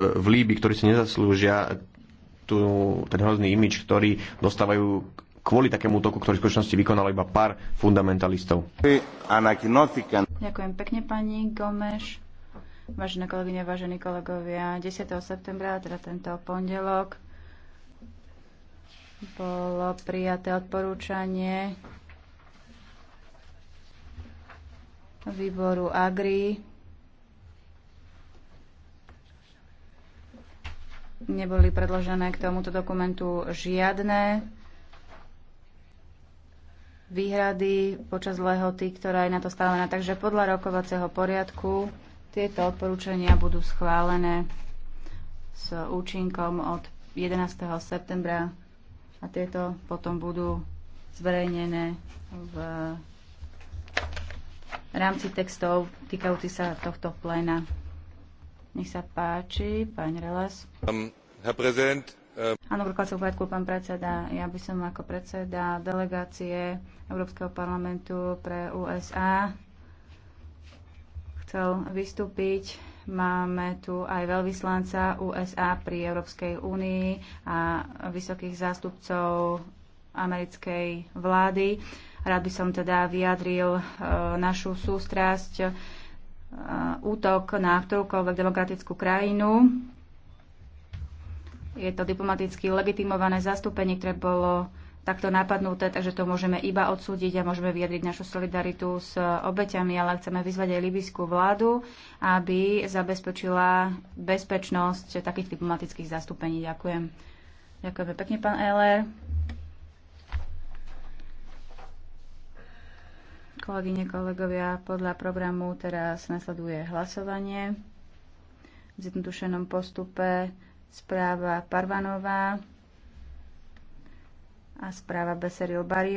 v Líbi, ktorí si nezaslúžia tú, ten hrozný imič, ktorý dostávajú kvôli takému útoku, ktorý v skutočnosti vykonalo iba pár fundamentalistov. Ďakujem pekne pani Gomeš. Vážené kolegyne, vážení kolegovia, 10. septembra, teda tento pondelok, bolo prijaté odporúčanie výboru Agri Neboli predložené k tomuto dokumentu žiadne výhrady počas lehoty, ktorá je na to stavená. Takže podľa rokovacieho poriadku tieto odporúčania budú schválené s účinkom od 11. septembra a tieto potom budú zverejnené v rámci textov týkajúci sa tohto pléna. Nech sa páči, pán Relas. Um. Ähm, Áno, pán predseda. Ja by som ako predseda delegácie Európskeho parlamentu pre USA chcel vystúpiť. Máme tu aj veľvyslanca USA pri Európskej únii a vysokých zástupcov americkej vlády. Rád by som teda vyjadril e, našu sústrasť e, útok na ktorúkoľvek demokratickú krajinu, je to diplomaticky legitimované zastúpenie, ktoré bolo takto napadnuté, takže to môžeme iba odsúdiť a môžeme vyjadriť našu solidaritu s obeťami, ale chceme vyzvať aj libyskú vládu, aby zabezpečila bezpečnosť takých diplomatických zastúpení. Ďakujem. Ďakujeme pekne, pán Eller. Kolegyne, kolegovia, podľa programu teraz nasleduje hlasovanie v zjednodušenom postupe správa Parvanová a správa Beseril Barrio.